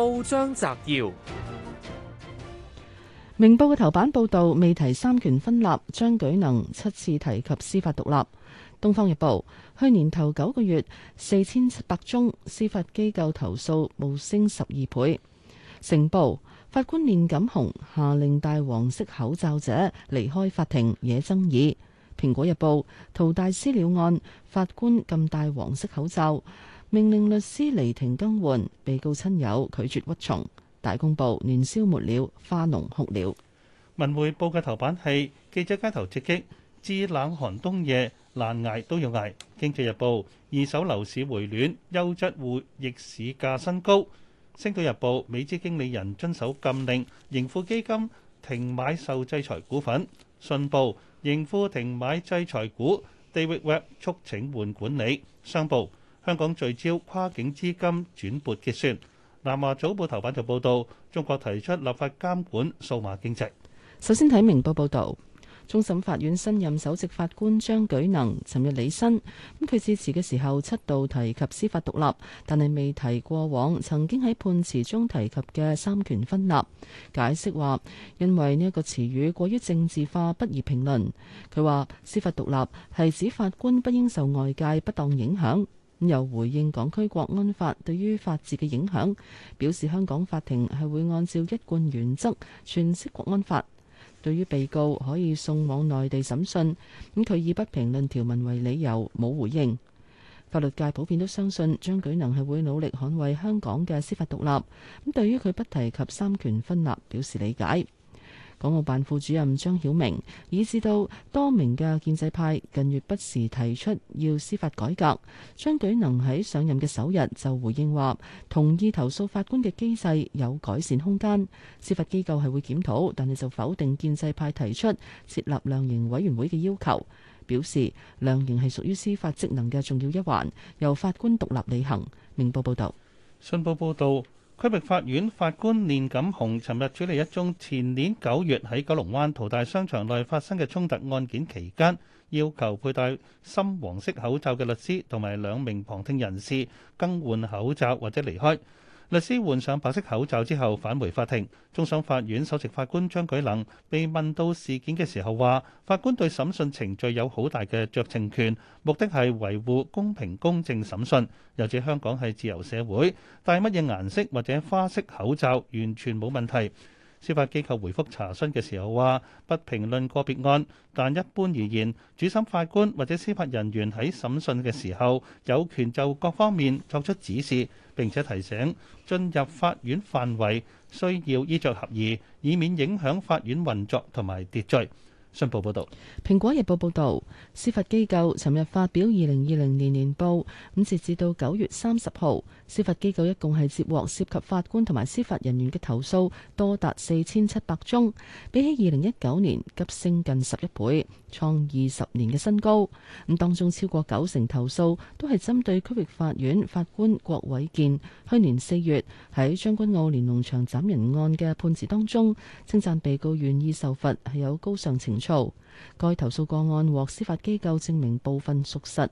報章摘要：明報嘅頭版報道未提三權分立，張舉能七次提及司法獨立。東方日報去年頭九個月四千七百宗司法機構投訴暴升十二倍。成報法官練錦鴻下令戴黃色口罩者離開法庭惹爭議。蘋果日報淘大私了案法官禁戴黃色口罩。命令律師離庭更換被告親友，拒絕屈從。大公報：年宵沒了，花農哭了。文匯報嘅頭版係記者街頭直擊，至冷寒冬夜難挨都要挨。經濟日報：二手樓市回暖，優質戶逆市價新高。星島日報：美資經理人遵守禁令，盈富基金停買受制裁股份。信報：盈富停買制裁股，David Webb 促請換管理。商報。香港聚焦跨境資金轉撥結算。南華早報頭版就報道，中國提出立法監管數碼經濟。首先睇明報報導，終審法院新任首席法官張舉能尋日履新，咁佢致辭嘅時候七度提及司法獨立，但係未提過往曾經喺判詞中提及嘅三權分立。解釋話，因為呢一個詞語過於政治化，不宜評論。佢話，司法獨立係指法官不應受外界不當影響。又回應港區國安法對於法治嘅影響，表示香港法庭係會按照一貫原則詮釋國安法，對於被告可以送往內地審訊。咁佢以不評論條文為理由冇回應。法律界普遍都相信張舉能係會努力捍衞香港嘅司法獨立。咁對於佢不提及三權分立，表示理解。港澳辦副主任張曉明以至到多名嘅建制派近月不時提出要司法改革，張舉能喺上任嘅首日就回應話，同意投訴法官嘅機制有改善空間，司法機構係會檢討，但係就否定建制派提出設立量刑委員會嘅要求，表示量刑係屬於司法職能嘅重要一環，由法官獨立履行。明報報道，新報報道。區域法院法官練錦鴻尋日處理一宗前年九月喺九龍灣淘大商場內發生嘅衝突案件期間，要求佩戴深黃色口罩嘅律師同埋兩名旁聽人士更換口罩或者離開。律師換上白色口罩之後返回法庭。終審法院首席法官張舉能被問到事件嘅時候，話：法官對審訊程序有好大嘅酌情權，目的係維護公平公正審訊。又指香港係自由社會，戴乜嘢顏色或者花式口罩完全冇問題。司法機構回覆查詢嘅時候話：不評論個別案，但一般而言，主審法官或者司法人員喺審訊嘅時候，有權就各方面作出指示，並且提醒進入法院範圍需要衣著合宜，以免影響法院運作同埋秩序。新報報導，《蘋果日報》報導，司法機構尋日發表二零二零年年報，咁截至到九月三十號，司法機構一共係接獲涉及法官同埋司法人員嘅投訴多達四千七百宗，比起二零一九年急升近十一倍，創二十年嘅新高。咁當中超過九成投訴都係針對區域法院法官郭偉健。去年四月喺將軍澳連儂牆斬人案嘅判詞當中，稱讚被告願意受罰係有高尚情操。該投訴個案獲司法機構證明部分屬實，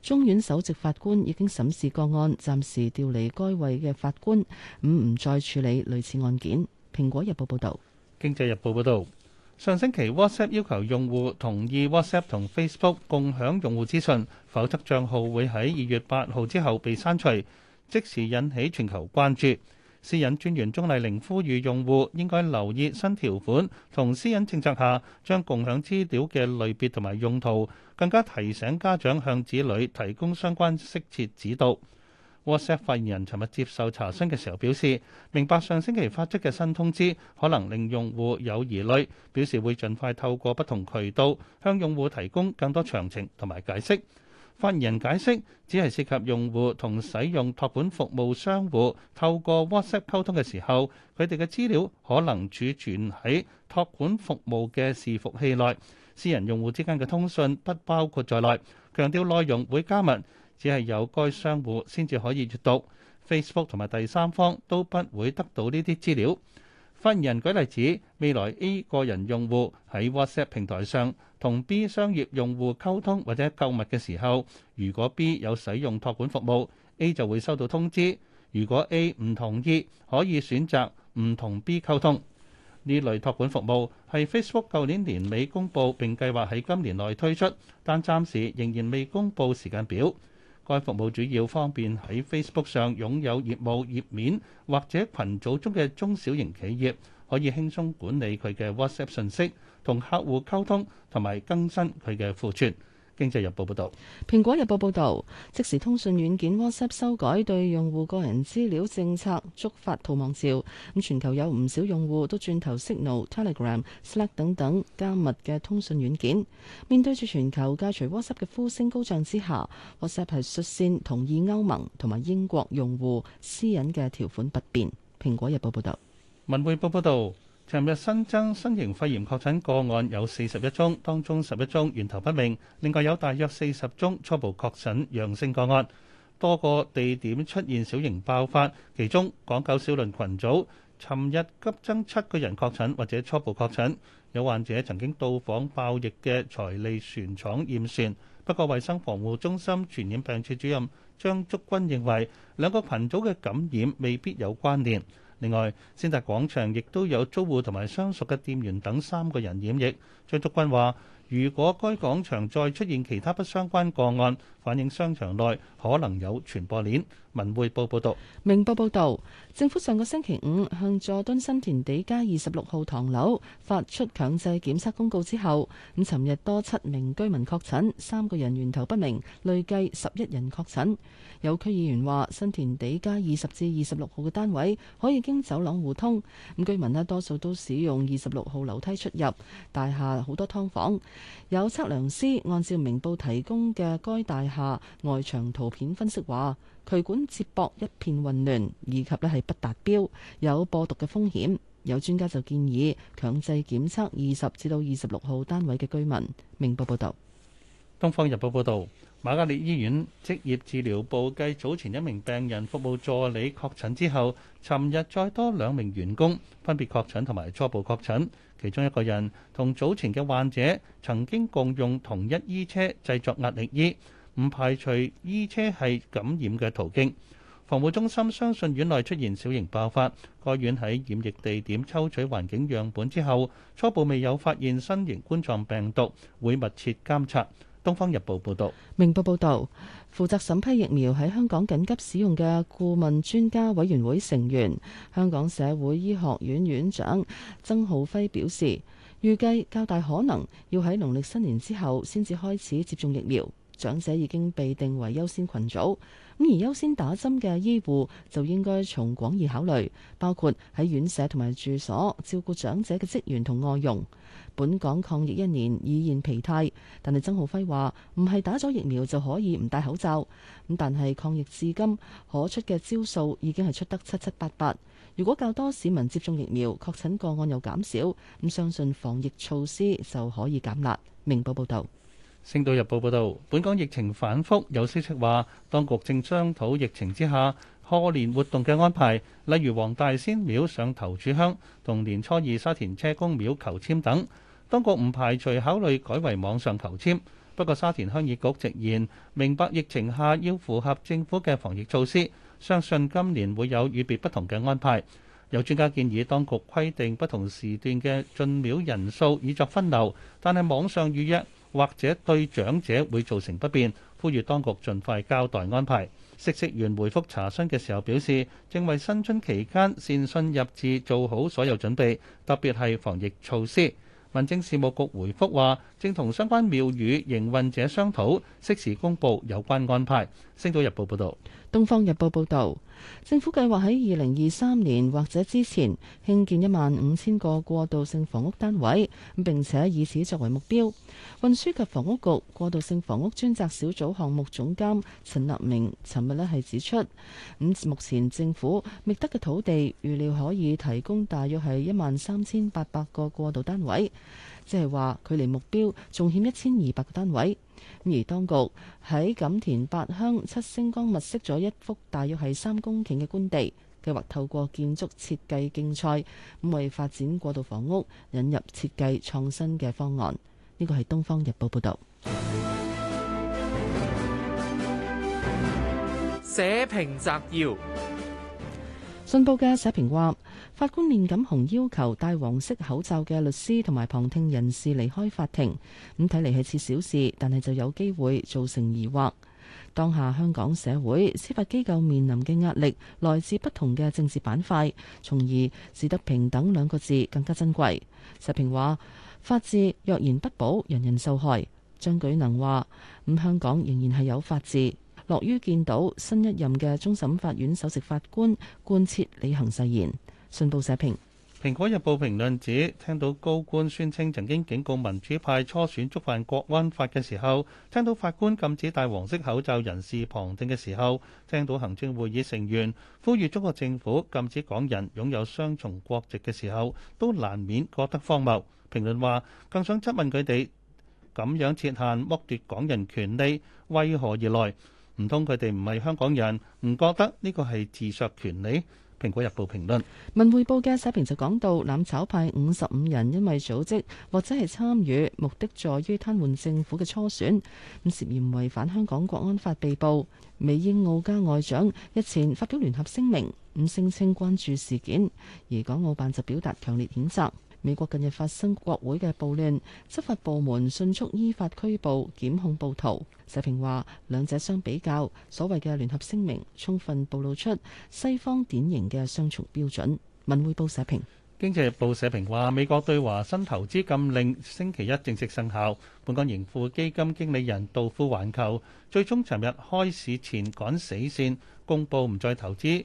中院首席法官已經審視個案，暫時調離該位嘅法官，唔唔再處理類似案件。蘋果日報報道，經濟日報報道，上星期 WhatsApp 要求用戶同意 WhatsApp 同 Facebook 共享用戶資訊，否則賬號會喺二月八號之後被刪除，即時引起全球關注。私隱專員鍾麗玲呼籲用戶應該留意新條款同私隱政策下將共享資料嘅類別同埋用途，更加提醒家長向子女提供相關適切指導。WhatsApp 發言人尋日接受查詢嘅時候表示，明白上星期發出嘅新通知可能令用戶有疑慮，表示會盡快透過不同渠道向用戶提供更多詳情同埋解釋。發言人解釋，只係涉及用戶同使用託管服務商戶透過 WhatsApp 溝通嘅時候，佢哋嘅資料可能儲存喺託管服務嘅伺服器內，私人用戶之間嘅通訊不包括在內。強調內容會加密，只係有該商戶先至可以閲讀，Facebook 同埋第三方都不會得到呢啲資料。發言人舉例子，未來 A 個人用戶喺 WhatsApp 平台上同 B 商業用戶溝通或者購物嘅時候，如果 B 有使用託管服務，A 就會收到通知。如果 A 唔同意，可以選擇唔同 B 溝通。呢類託管服務係 Facebook 舊年年尾公布並計劃喺今年內推出，但暫時仍然未公布時間表。該服務主要方便喺 Facebook 上擁有業務頁面或者群組中嘅中小型企業，可以輕鬆管理佢嘅 WhatsApp 信息，同客戶溝通，同埋更新佢嘅庫存。經濟日報報道，蘋果日報報道，即時通訊軟件 WhatsApp 修改對用戶個人資料政策，觸發逃亡潮。咁全球有唔少用戶都轉投 Signal Telegram、Slack 等等加密嘅通訊軟件。面對住全球戒除 WhatsApp 嘅呼聲高漲之下，WhatsApp 係率先同意歐盟同埋英國用戶私隱嘅條款不變。蘋果日報報道，文匯報報道。尋日新增新型肺炎確診個案有四十一宗，當中十一宗源頭不明。另外有大約四十宗初步確診陽性個案，多個地點出現小型爆發，其中港九小輪群組，尋日急增七個人確診或者初步確診，有患者曾經到訪爆疫嘅財利船廠驗船。不過，衞生防護中心傳染病處主任張竹君認為，兩個群組嘅感染未必有關聯。另外，先達廣場亦都有租戶同埋相熟嘅店員等三個人染疫。張竹君話：如果該廣場再出現其他不相關個案，反映商場內可能有傳播鏈。文匯報報導，明報報導，政府上個星期五向佐敦新田地街二十六號唐樓發出強制檢測公告之後，咁尋日多七名居民確診，三個人源頭不明，累計十一人確診。有區議員話，新田地街二十至二十六號嘅單位可以經走廊互通，咁居民呢多數都使用二十六號樓梯出入，大廈好多劏房。有測量師按照明報提供嘅該大下外牆圖片分析話，渠管接駁一片混亂，以及呢係不達標，有播毒嘅風險。有專家就建議強制檢測二十至到二十六號單位嘅居民。明報報道：《東方日報》報道，瑪嘉烈醫院職業治療部繼早前一名病人服務助理確診之後，尋日再多兩名員工分別確診同埋初步確診，其中一個人同早前嘅患者曾經共用同一醫車製作壓力衣。唔排除醫車係感染嘅途徑，防護中心相信院內出現小型爆發。該院喺染疫地點抽取環境樣本之後，初步未有發現新型冠狀病毒，會密切監察。《東方日報》報道。《明報》報道，負責審批疫苗喺香港緊急使用嘅顧問專家委員會成員、香港社會醫學院院長曾浩輝表示，預計較大可能要喺農曆新年之後先至開始接種疫苗。長者已經被定為優先群組，咁而優先打針嘅醫護就應該從廣義考慮，包括喺院舍同埋住所照顧長者嘅職員同外傭。本港抗疫一年已現疲態，但係曾浩輝話唔係打咗疫苗就可以唔戴口罩。咁但係抗疫至今可出嘅招數已經係出得七七八八。如果較多市民接種疫苗，確診個案又減少，咁相信防疫措施就可以減辣。明報報道。星島日報報導，本港疫情反覆，有消息話，當局正商討疫情之下賀年活動嘅安排，例如黃大仙廟上頭柱香同年初二沙田車公廟求籤等。當局唔排除考慮改為網上求籤，不過沙田鄉議局直言明白疫情下要符合政府嘅防疫措施，相信今年會有與別不同嘅安排。有專家建議，當局規定不同時段嘅進廟人數以作分流，但係網上預約。或者對長者會造成不便，呼籲當局盡快交代安排。嗇色園回覆查詢嘅時候表示，正為新春期間善信入寺做好所有準備，特別係防疫措施。民政事務局回覆話，正同相關廟宇營運者商討，適時公布有關安排。星島日報報道。東方日報報導。政府計劃喺二零二三年或者之前興建一萬五千個過渡性房屋單位，並且以此作為目標。運輸及房屋局過渡性房屋專責小組項目總監陳立明尋日呢係指出，咁目前政府覓得嘅土地，預料可以提供大約係一萬三千八百個過渡單位。即係話，距離目標仲欠一千二百個單位。而當局喺錦田八鄉七星崗物色咗一幅大約係三公頃嘅官地，計劃透過建築設計競賽，咁為發展過渡房屋引入設計創新嘅方案。呢個係《東方日報》報道。社評摘要。信報嘅社評話，法官練錦鴻要求戴黃色口罩嘅律師同埋旁聽人士離開法庭，咁睇嚟係似小事，但係就有機會造成疑惑。當下香港社會司法機構面臨嘅壓力來自不同嘅政治板塊，從而使得平等兩個字更加珍貴。社評話，法治若然不保，人人受害。張舉能話，咁、嗯、香港仍然係有法治。樂於見到新一任嘅終審法院首席法官貫徹履行誓言。信報社評，《蘋果日報》評論指，聽到高官宣稱曾經警告民主派初選觸犯國安法嘅時候，聽到法官禁止戴黃色口罩人士旁聽嘅時候，聽到行政會議成員呼籲中國政府禁止港人擁有雙重國籍嘅時候，都難免覺得荒謬。評論話，更想質問佢哋咁樣設限剝奪港人權利為何而來？唔通佢哋唔係香港人，唔覺得呢個係自述權利？《蘋果日報》評論。文匯報嘅社評就講到，攬炒派五十五人因為組織或者係參與，目的在於癱瘓政府嘅初選，咁涉嫌違反香港國安法被捕。美英澳加外長日前發表聯合聲明，咁聲稱關注事件，而港澳辦就表達強烈譴責。美國近日發生國會嘅暴亂，執法部門迅速依法拘捕檢控暴徒。社評話，兩者相比較，所謂嘅聯合聲明充分暴露出西方典型嘅雙重標準。文匯報社評。經濟日報社評話，美國對華新投資禁令星期一正式生效。本港盈富基金經理人道富環球最終尋日開市前趕死線公佈唔再投資。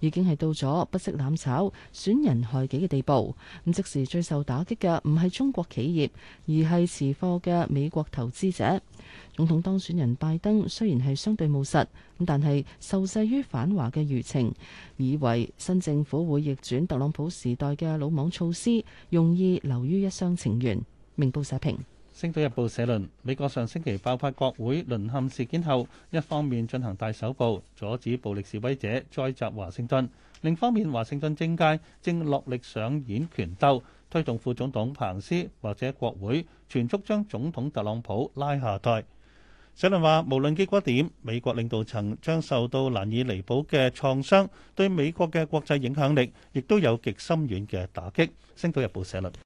已經係到咗不惜攬炒、損人害己嘅地步。咁即時最受打擊嘅唔係中國企業，而係持貨嘅美國投資者。總統當選人拜登雖然係相對務實，咁但係受制於反華嘅輿情，以為新政府會逆轉特朗普時代嘅魯莽措施，容易流於一廂情願。明報社評。《星島日報》社論：美國上星期爆發國會淪陷事件後，一方面進行大搜捕阻止暴力示威者再襲華盛頓，另一方面華盛頓政界正落力上演權鬥，推動副總統彭斯或者國會全速將總統特朗普拉下台。社論話：無論結果點，美國領導層將受到難以彌補嘅創傷，對美國嘅國際影響力亦都有極深遠嘅打擊。《星島日報》社論。